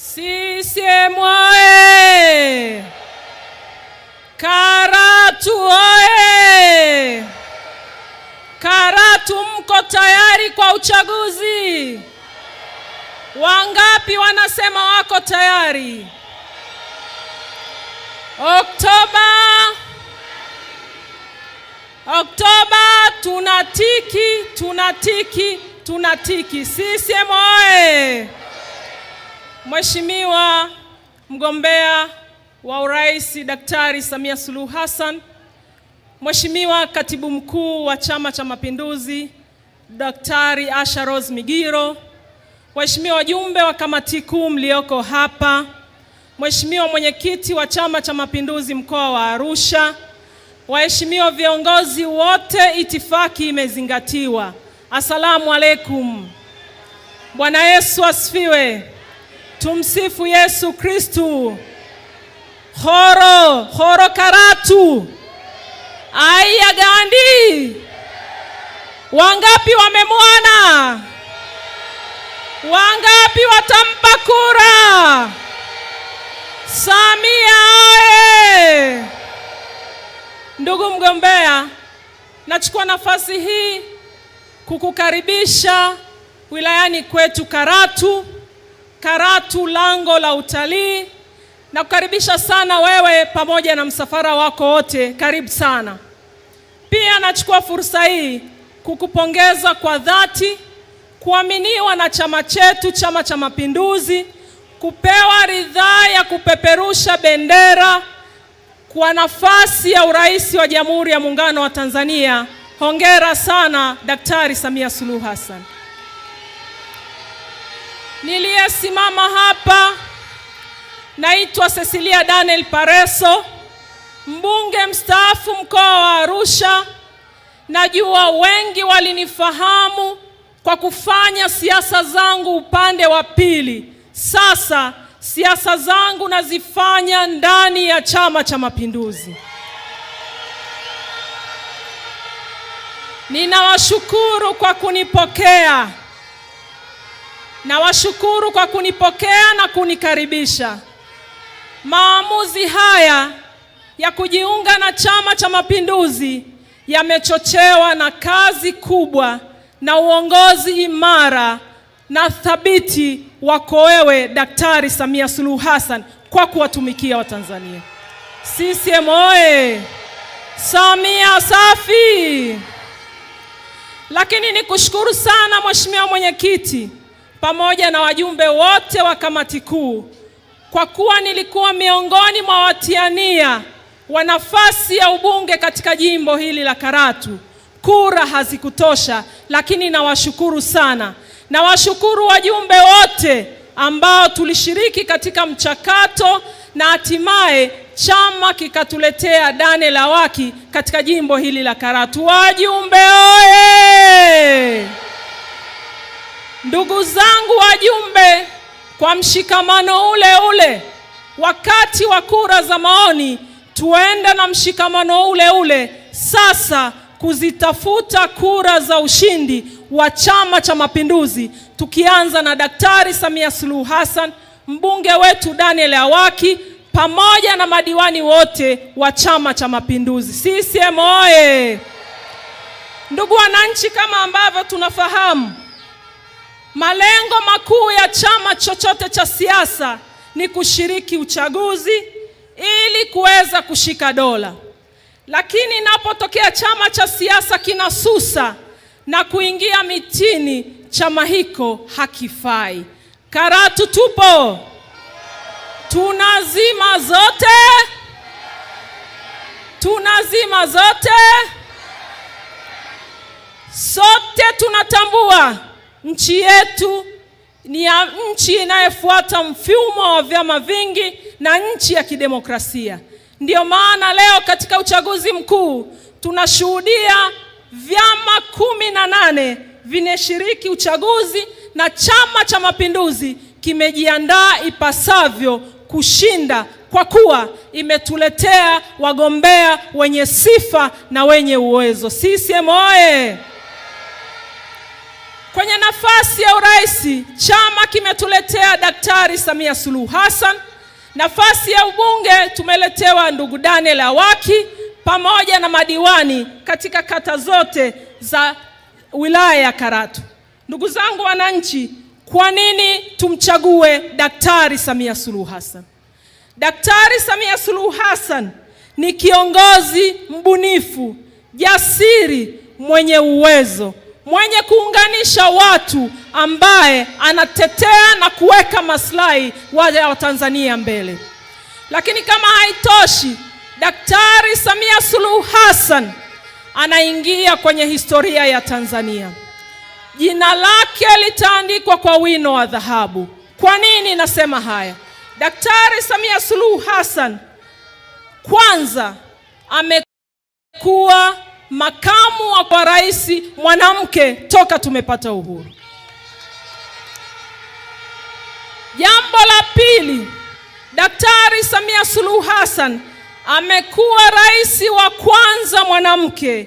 CCM oye! Karatu oye! Karatu, mko tayari kwa uchaguzi? Wangapi wanasema wako tayari? Oktoba, Oktoba tunatiki, tunatiki, tunatiki. Sisi oye! Mheshimiwa mgombea wa urais Daktari Samia Suluhu Hassan, Mheshimiwa katibu mkuu wa Chama cha Mapinduzi Daktari Asha Rose Migiro, Waheshimiwa wajumbe wa kamati kuu mlioko hapa, Mheshimiwa mwenyekiti wa Chama cha Mapinduzi mkoa wa Arusha, waheshimiwa viongozi wote, itifaki imezingatiwa. Asalamu alaikum. Bwana Yesu asifiwe. Tumsifu Yesu Kristu. Horo horo karatu aiya Gandhi. Wangapi wamemwona? Wangapi watampa kura? Samia oye! Ndugu mgombea, nachukua nafasi hii kukukaribisha wilayani kwetu Karatu. Karatu lango la utalii. Nakukaribisha sana wewe pamoja na msafara wako wote, karibu sana. Pia nachukua fursa hii kukupongeza kwa dhati kuaminiwa na chama chetu, Chama cha Mapinduzi, kupewa ridhaa ya kupeperusha bendera kwa nafasi ya urais wa Jamhuri ya Muungano wa Tanzania. Hongera sana Daktari Samia Suluhu Hassan niliyesimama hapa naitwa Cecilia Daniel Pareso, mbunge mstaafu mkoa wa Arusha. Najua wengi walinifahamu kwa kufanya siasa zangu upande wa pili. Sasa siasa zangu nazifanya ndani ya Chama cha Mapinduzi. Ninawashukuru kwa kunipokea. Nawashukuru kwa kunipokea na kunikaribisha. Maamuzi haya ya kujiunga na Chama cha Mapinduzi yamechochewa na kazi kubwa na uongozi imara na thabiti wako wewe Daktari Samia Suluhu Hassan kwa kuwatumikia Watanzania. CCM oye! Samia safi! Lakini nikushukuru sana Mheshimiwa Mwenyekiti pamoja na wajumbe wote wa kamati kuu kwa kuwa nilikuwa miongoni mwa watiania wa nafasi ya ubunge katika jimbo hili la Karatu. Kura hazikutosha, lakini nawashukuru sana. Nawashukuru wajumbe wote ambao tulishiriki katika mchakato na hatimaye chama kikatuletea Daniel Awaki katika jimbo hili la Karatu. Wajumbe oye! Ndugu zangu wajumbe, kwa mshikamano ule ule, wakati wa kura za maoni, tuende na mshikamano ule ule sasa kuzitafuta kura za ushindi wa Chama cha Mapinduzi, tukianza na Daktari Samia Suluhu Hassan, mbunge wetu Daniel Awaki pamoja na madiwani wote wa Chama cha Mapinduzi. CCM oye! Ndugu wananchi, kama ambavyo tunafahamu Malengo makuu ya chama chochote cha siasa ni kushiriki uchaguzi ili kuweza kushika dola. Lakini inapotokea chama cha siasa kinasusa na kuingia mitini, chama hiko hakifai. Karatu tupo, tunazima zote, tunazima zote, sote tunatambua Nchi yetu ni ya nchi inayofuata mfumo wa vyama vingi na nchi ya kidemokrasia. Ndiyo maana leo katika uchaguzi mkuu tunashuhudia vyama kumi na nane vinashiriki uchaguzi na Chama cha Mapinduzi kimejiandaa ipasavyo kushinda kwa kuwa imetuletea wagombea wenye sifa na wenye uwezo. CCM oye! Kwenye nafasi ya urais chama kimetuletea Daktari Samia Suluhu Hassan. Nafasi ya ubunge tumeletewa ndugu Daniel Awaki pamoja na madiwani katika kata zote za wilaya ya Karatu. Ndugu zangu wananchi, kwa nini tumchague Daktari Samia Suluhu Hassan? Daktari Samia Suluhu Hassan ni kiongozi mbunifu, jasiri, mwenye uwezo mwenye kuunganisha watu, ambaye anatetea na kuweka maslahi wa Tanzania mbele. Lakini kama haitoshi, Daktari Samia Suluhu Hassan anaingia kwenye historia ya Tanzania. Jina lake litaandikwa kwa wino wa dhahabu. Kwa nini nasema haya? Daktari Samia Suluhu Hassan kwanza amekuwa makamu wa rais mwanamke toka tumepata uhuru. Jambo la pili, Daktari Samia Suluhu Hassan amekuwa rais wa kwanza mwanamke.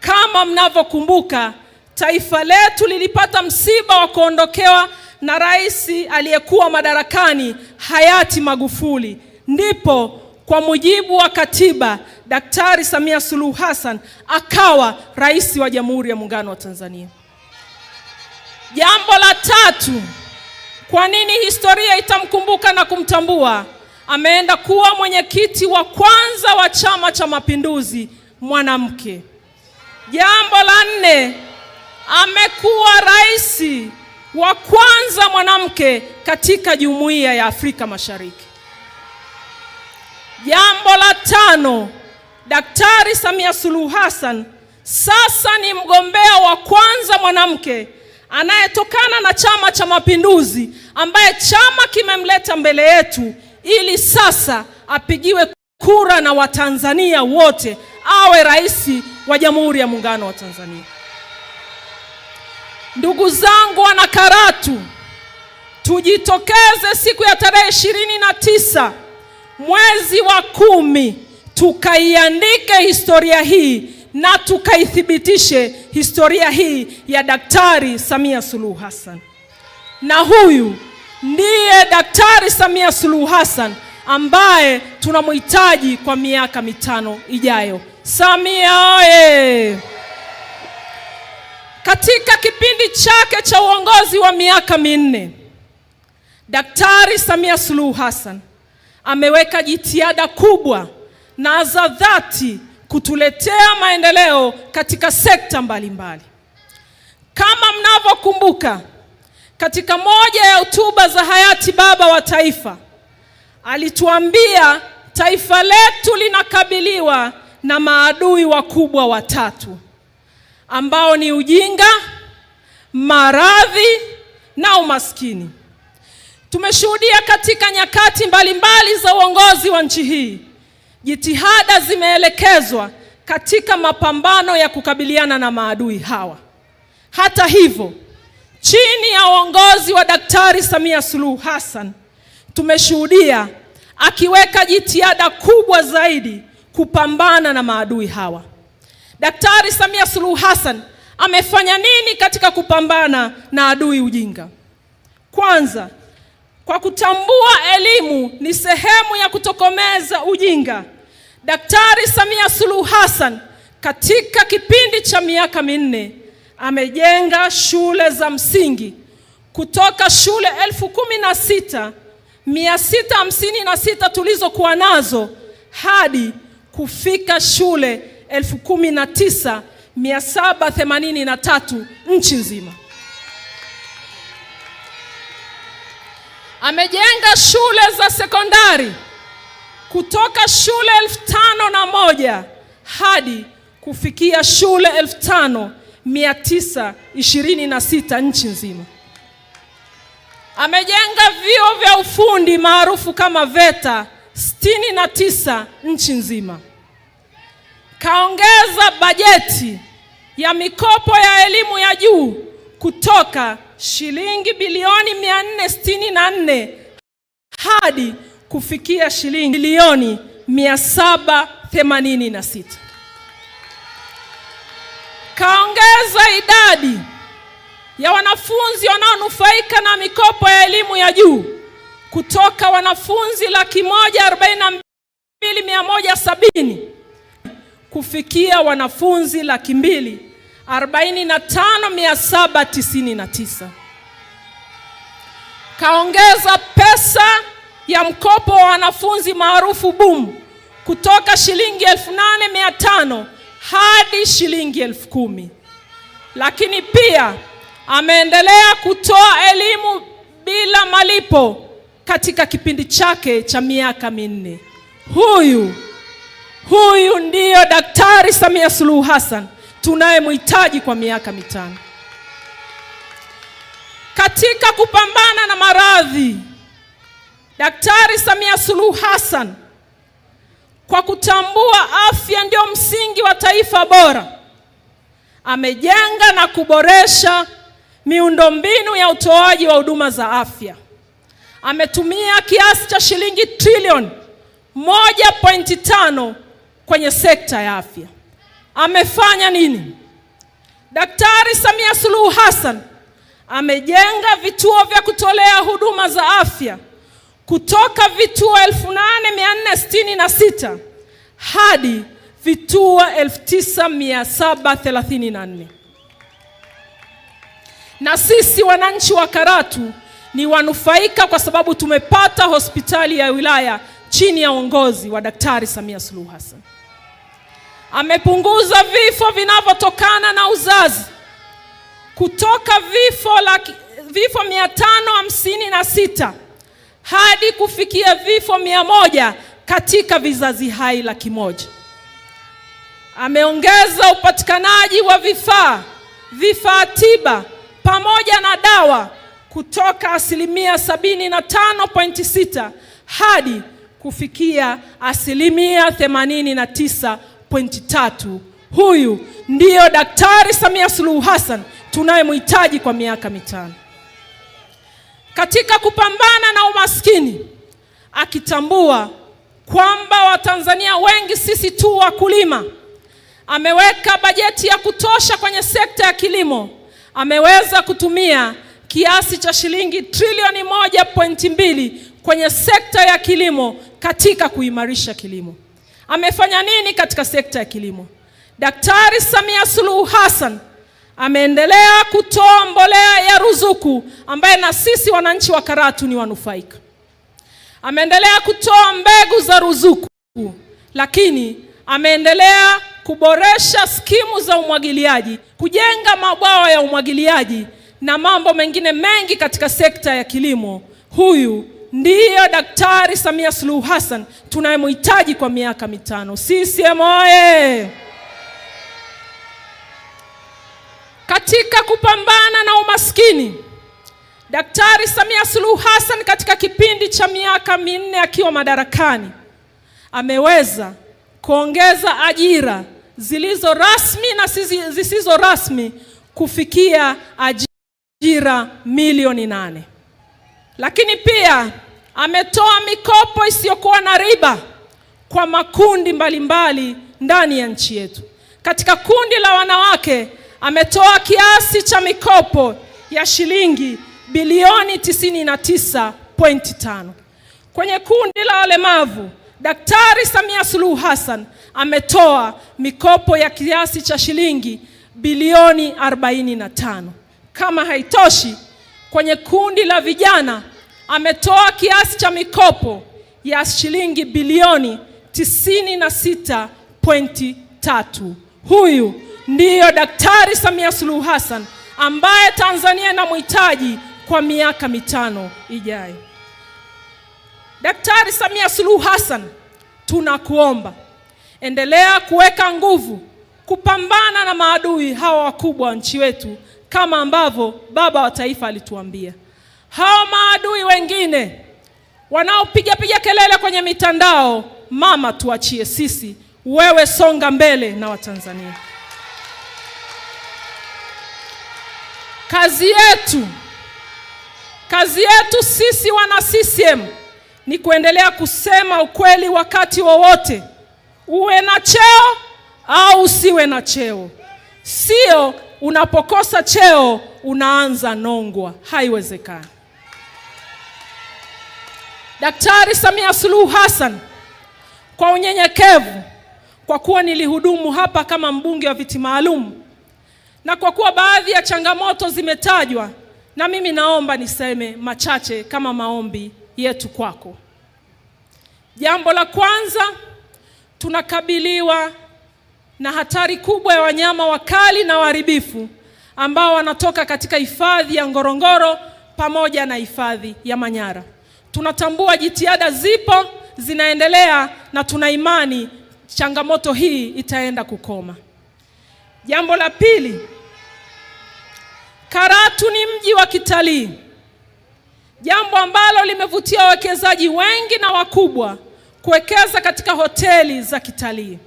Kama mnavyokumbuka, taifa letu lilipata msiba wa kuondokewa na rais aliyekuwa madarakani hayati Magufuli, ndipo kwa mujibu wa katiba Daktari Samia Suluhu Hassan akawa rais wa Jamhuri ya Muungano wa Tanzania. Jambo la tatu, kwa nini historia itamkumbuka na kumtambua? Ameenda kuwa mwenyekiti wa kwanza wa Chama cha Mapinduzi mwanamke. Jambo la nne, amekuwa rais wa kwanza mwanamke katika Jumuiya ya Afrika Mashariki. Jambo la tano Daktari Samia Suluhu Hassan sasa ni mgombea wa kwanza mwanamke anayetokana na Chama cha Mapinduzi ambaye chama kimemleta mbele yetu ili sasa apigiwe kura na Watanzania wote awe rais wa Jamhuri ya Muungano wa Tanzania. Ndugu zangu wana Karatu, tujitokeze siku ya tarehe ishirini na tisa mwezi wa kumi tukaiandike historia hii na tukaithibitishe historia hii ya Daktari Samia Suluhu Hassan. Na huyu ndiye Daktari Samia Suluhu Hassan ambaye tunamhitaji kwa miaka mitano ijayo. Samia oye! Katika kipindi chake cha uongozi wa miaka minne, Daktari Samia Suluhu Hassan ameweka jitihada kubwa na za dhati kutuletea maendeleo katika sekta mbalimbali mbali. Kama mnavyokumbuka katika moja ya hotuba za hayati baba wa taifa alituambia taifa letu linakabiliwa na maadui wakubwa watatu ambao ni ujinga, maradhi na umaskini. Tumeshuhudia katika nyakati mbalimbali mbali za uongozi wa nchi hii Jitihada zimeelekezwa katika mapambano ya kukabiliana na maadui hawa. Hata hivyo, chini ya uongozi wa Daktari Samia Suluhu Hassan tumeshuhudia akiweka jitihada kubwa zaidi kupambana na maadui hawa. Daktari Samia Suluhu Hassan amefanya nini katika kupambana na adui ujinga? Kwanza, kwa kutambua elimu ni sehemu ya kutokomeza ujinga. Daktari Samia Suluhu Hassan katika kipindi cha miaka minne amejenga shule za msingi kutoka shule elfu kumi na sita mia sita hamsini na sita tulizokuwa nazo hadi kufika shule elfu kumi na tisa mia saba themanini na tatu nchi nzima. Amejenga shule za sekondari kutoka shule elfu tano na moja hadi kufikia shule elfu tano mia tisa ishirini na sita nchi nzima. Amejenga vyuo vya ufundi maarufu kama VETA sitini na tisa nchi nzima. Kaongeza bajeti ya mikopo ya elimu ya juu kutoka shilingi bilioni 464 hadi kufikia shilingi bilioni 786. Kaongeza idadi ya wanafunzi wanaonufaika na mikopo ya elimu ya juu kutoka wanafunzi laki moja arobaini na mbili mia moja sabini kufikia wanafunzi laki mbili 45799 kaongeza pesa ya mkopo wa wanafunzi maarufu BUM kutoka shilingi 8500 hadi shilingi 10000. Lakini pia ameendelea kutoa elimu bila malipo katika kipindi chake cha miaka minne. Huyu huyu ndiyo Daktari Samia Suluhu Hassan tunayemhitaji kwa miaka mitano. Katika kupambana na maradhi, Daktari Samia Suluhu Hassan kwa kutambua afya ndio msingi wa taifa bora, amejenga na kuboresha miundombinu ya utoaji wa huduma za afya. Ametumia kiasi cha shilingi trilioni 1.5 kwenye sekta ya afya amefanya nini? Daktari Samia Suluhu Hassan amejenga vituo vya kutolea huduma za afya kutoka vituo 8466 hadi vituo 9734 na sisi wananchi wa Karatu ni wanufaika kwa sababu tumepata hospitali ya wilaya chini ya uongozi wa Daktari Samia Suluhu Hassan. Amepunguza vifo vinavyotokana na uzazi kutoka vifo la vifo mia na sita hadi kufikia vifo mia moja katika vizazi hai laki moja. Ameongeza upatikanaji wa vifaa vifaa tiba pamoja na dawa kutoka asilimia 75.6 hadi kufikia asilimia 89 pointi tatu. Huyu ndiyo Daktari Samia Suluhu Hassan tunayemhitaji kwa miaka mitano katika kupambana na umaskini, akitambua kwamba Watanzania wengi sisi tu wakulima. Ameweka bajeti ya kutosha kwenye sekta ya kilimo, ameweza kutumia kiasi cha shilingi trilioni moja pointi mbili kwenye sekta ya kilimo katika kuimarisha kilimo amefanya nini katika sekta ya kilimo? Daktari Samia Suluhu Hassan ameendelea kutoa mbolea ya ruzuku ambaye na sisi wananchi wa Karatu ni wanufaika. Ameendelea kutoa mbegu za ruzuku, lakini ameendelea kuboresha skimu za umwagiliaji, kujenga mabwawa ya umwagiliaji na mambo mengine mengi katika sekta ya kilimo. Huyu ndiyo Daktari Samia Suluhu Hassan tunayemhitaji kwa miaka mitano. CCM oye! Katika kupambana na umaskini, Daktari Samia Suluhu Hassan katika kipindi cha miaka minne akiwa madarakani ameweza kuongeza ajira zilizo rasmi na zisizo rasmi kufikia ajira milioni nane. Lakini pia ametoa mikopo isiyokuwa na riba kwa makundi mbalimbali mbali ndani ya nchi yetu. Katika kundi la wanawake ametoa kiasi cha mikopo ya shilingi bilioni 99.5. Kwenye kundi la walemavu Daktari Samia Suluhu Hassan ametoa mikopo ya kiasi cha shilingi bilioni 45. Kama haitoshi, kwenye kundi la vijana ametoa kiasi cha mikopo ya shilingi bilioni 96.3. Huyu ndiyo Daktari Samia Suluhu Hassan ambaye Tanzania inamhitaji kwa miaka mitano ijayo. Daktari Samia Suluhu Hassan, tunakuomba endelea kuweka nguvu kupambana na maadui hawa wakubwa wa nchi wetu kama ambavyo baba wa taifa alituambia. Hao maadui wengine wanaopiga piga kelele kwenye mitandao, mama, tuachie sisi, wewe songa mbele na Watanzania. Kazi yetu kazi yetu sisi wana CCM ni kuendelea kusema ukweli wakati wowote, uwe na cheo au usiwe na cheo. Sio unapokosa cheo unaanza nongwa, haiwezekani. Daktari Samia Suluhu Hassan, kwa unyenyekevu, kwa kuwa nilihudumu hapa kama mbunge wa viti maalum na kwa kuwa baadhi ya changamoto zimetajwa, na mimi naomba niseme machache kama maombi yetu kwako. Jambo la kwanza, tunakabiliwa na hatari kubwa ya wanyama wakali na waharibifu ambao wanatoka katika hifadhi ya Ngorongoro pamoja na hifadhi ya Manyara. Tunatambua jitihada zipo zinaendelea, na tuna imani changamoto hii itaenda kukoma. Jambo la pili, Karatu ni mji wa kitalii, jambo ambalo limevutia wawekezaji wengi na wakubwa kuwekeza katika hoteli za kitalii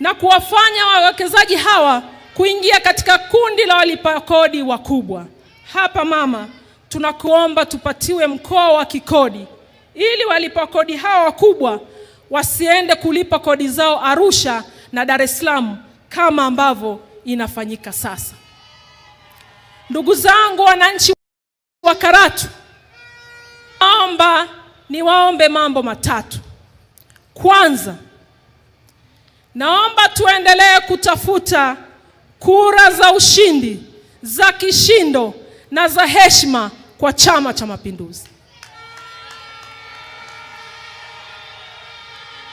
na kuwafanya wawekezaji hawa kuingia katika kundi la walipa kodi wakubwa. Hapa mama tunakuomba tupatiwe mkoa wa kikodi ili walipa kodi hawa wakubwa wasiende kulipa kodi zao Arusha na Dar es Salaam kama ambavyo inafanyika sasa. Ndugu zangu wananchi wa Karatu, naomba niwaombe mambo matatu. Kwanza, naomba tuendelee kutafuta kura za ushindi za kishindo na za heshima kwa Chama cha Mapinduzi.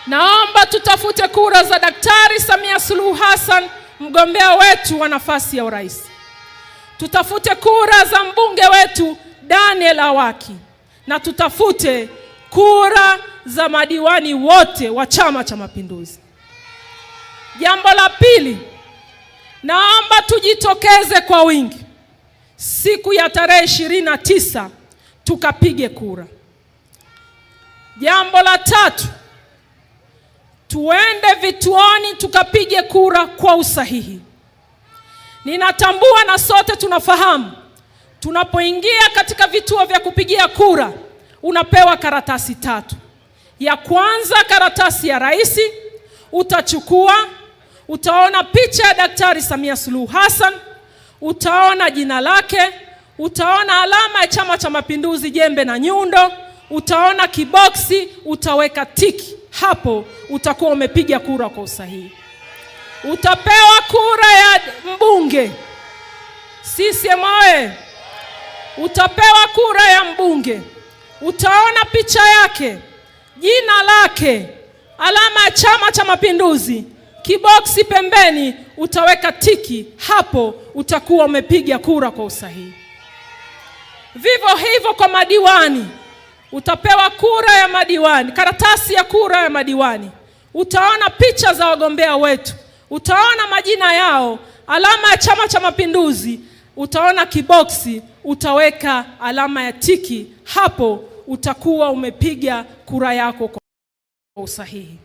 Naomba tutafute kura za Daktari Samia Suluhu Hassan, mgombea wetu wa nafasi ya urais. Tutafute kura za mbunge wetu Daniel Awaki na tutafute kura za madiwani wote wa Chama cha Mapinduzi. Jambo la pili, naomba tujitokeze kwa wingi siku ya tarehe ishirini na tisa tukapige kura. Jambo la tatu, tuende vituoni tukapige kura kwa usahihi. Ninatambua na sote tunafahamu tunapoingia katika vituo vya kupigia kura unapewa karatasi tatu. Ya kwanza karatasi ya rais, utachukua utaona picha ya Daktari Samia Suluhu Hassan utaona jina lake, utaona alama ya Chama cha Mapinduzi, jembe na nyundo, utaona kiboksi, utaweka tiki hapo, utakuwa umepiga kura kwa usahihi. Utapewa kura ya mbunge CCM oye! Utapewa kura ya mbunge, utaona picha yake, jina lake, alama ya Chama cha Mapinduzi kiboksi pembeni, utaweka tiki hapo, utakuwa umepiga kura kwa usahihi. Vivyo hivyo kwa madiwani, utapewa kura ya madiwani, karatasi ya kura ya madiwani, utaona picha za wagombea wetu, utaona majina yao, alama ya Chama cha Mapinduzi, utaona kiboksi, utaweka alama ya tiki hapo, utakuwa umepiga kura yako kwa usahihi.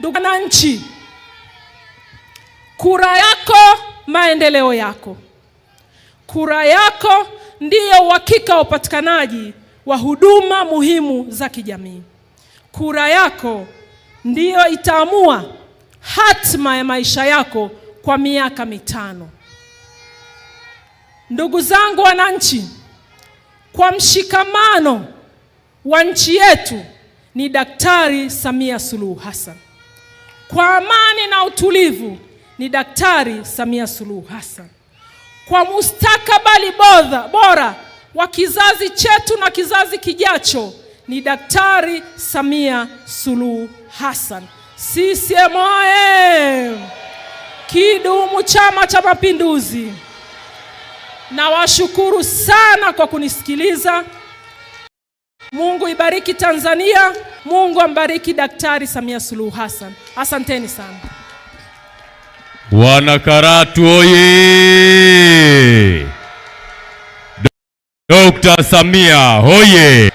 Ndugu nchi, kura yako maendeleo yako, kura yako ndiyo uhakika wa upatikanaji wa huduma muhimu za kijamii. Kura yako ndiyo itaamua hatima ya maisha yako kwa miaka mitano. Ndugu zangu wananchi, kwa mshikamano wa nchi yetu ni Daktari Samia Suluhu Hassan kwa amani na utulivu ni Daktari Samia Suluhu Hassan, kwa mustakabali bora, bora wa kizazi chetu na kizazi kijacho ni Daktari Samia Suluhu Hassan. CCM oye! Kidumu Chama cha Mapinduzi! Nawashukuru sana kwa kunisikiliza. Mungu ibariki Tanzania, Mungu ambariki Daktari Samia Suluhu Hassan. Asanteni sana. Wanakaratu oye! Dr. Samia oye!